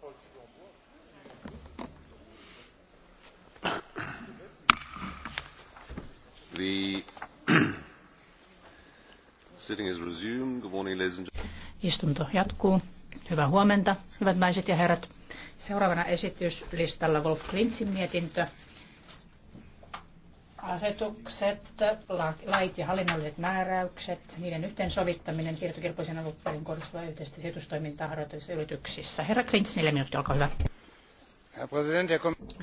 Istunto jatkuu. Hyvää huomenta, hyvät naiset ja herrat. Seuraavana esityslistalla Wolf Klintzin mietintö asetukset, lait ja hallinnolliset määräykset, niiden yhteensovittaminen siirtokelpoisen alukperin kohdistuvaa yhteistä sijoitustoimintaa harjoittavissa yrityksissä. Herra Klints, neljä minuuttia, olkaa hyvä.